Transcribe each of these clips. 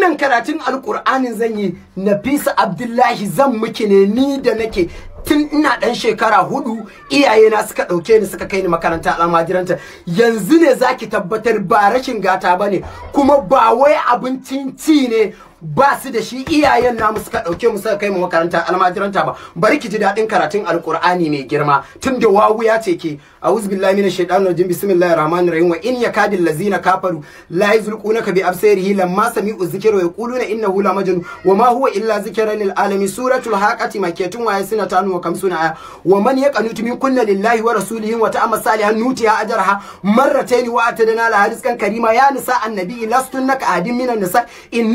wannan karatun alkur'anin zan yi nafisa abdullahi zan miki ne ni da nake tun ina ɗan shekara hudu iyaye na suka dauke ni suka kai ni makaranta almajiranta yanzu ne zaki tabbatar ba rashin gata bane kuma ba wai abincin ci ne ba su da shi iyayen namu suka ɗauke mu suka kai mu makaranta almajiranta ba bari ki ji dadin karatun alqur'ani mai girma Tun da wawu ya ce ke a'udhu billahi minash shaitanir rajim bismillahir rahmanir rahim wa in yakadil ladzina kafaru la ka bi absarihi lamma sami'u dhikra wa yaquluna innahu la majnun wa ma huwa illa dhikran lil alamin suratul haqati makiyatun wa tanu wa kamsuna aya wa man yaqanutu min kunna lillahi wa rasulihi wa ta'amma salihan nutiya ajraha marratayn wa atadana la kan karima ya nisa annabi lastunaka adim minan nisa in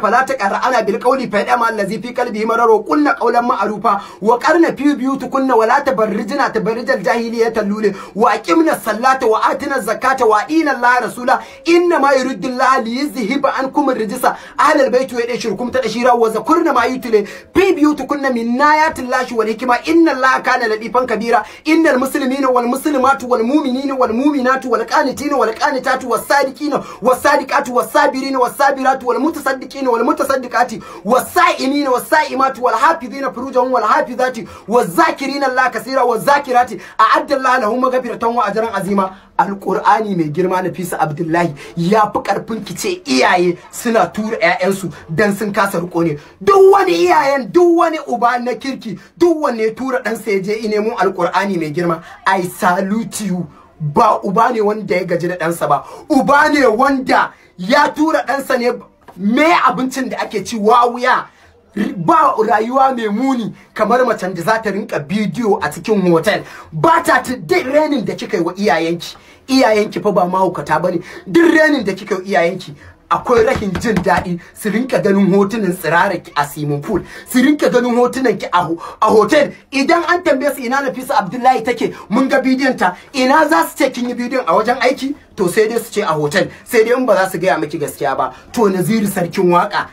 ka fala ana bil qawli fa yadama allazi fi qalbihi mararo qulna qawlan ma'rufa wa qarna fi buyutikunna wa la tabarrijna tabarrijal jahiliyatal lule wa aqimna salata wa atina zakata wa ina allaha rasula inna ma yuriddu allaha li yuzhiba ankum ar-rijsa ahlal bayti wa yashurkum tadashira wa zakurna ma yutile fi buyutikunna min ayatil lahi wal hikma inna allaha kana ladifan kabira innal muslimina wal muslimatu wal mu'minina wal mu'minatu wal qanitina wal qanitatu was sadiqina was sadiqatu was sabirina was sabiratu wal mutasaddiqina wa mutasaddiqati wa sa'imin was sa'imat wal hafizina furujahum wal hafizati wa zakirina Allah kaseera waz zakirati a'adda Allah lahum maghfiratan wa ajran azima alqur'ani mai girma na fisa abdullahi ya fi karfin kice iyaye suna tura 'ya'yansu dan sun kasa riko ne duk wani iyayen duk wani uba na kirki duk wani tura ɗansa ya je inemun alqur'ani mai girma i salute you ba uba ne wanda ya gaji da ɗansa ba uba ne wanda ya tura ɗansa ne me abincin da ake ci wa wuya ba rayuwa mai muni kamar macen da za ta rinka bidiyo a cikin hotel ba ta duk renin da kika yi wa iyayenki iyayenki fa ba mahaukata bane duk renin da kika yi wa iyayenki akwai rahin jin daɗi su rinka ganin hotunan ki a swimming pool su rinka ganin hotunan ki a hotel idan an tambaye su ina Nafisa Abdullahi take mun ga bidiyon ta ina za su ce kin yi bidiyon a wajen aiki to sai dai su ce a hotel sai dai in ba za su gaya miki gaskiya ba to Naziru sarkin waka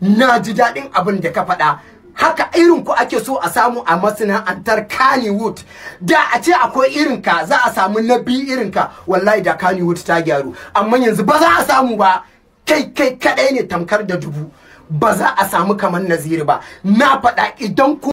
na ji daɗin abin da ka faɗa haka irin ku ake so a samu a masana'antar Kannywood da a ce akwai irin ka za a samu na biyu irin ka wallahi da Kannywood ta gyaru amma yanzu ba za a samu ba kai kai kadai ne tamkar da dubu ba za a samu kamar naziri ba na faɗa idan ku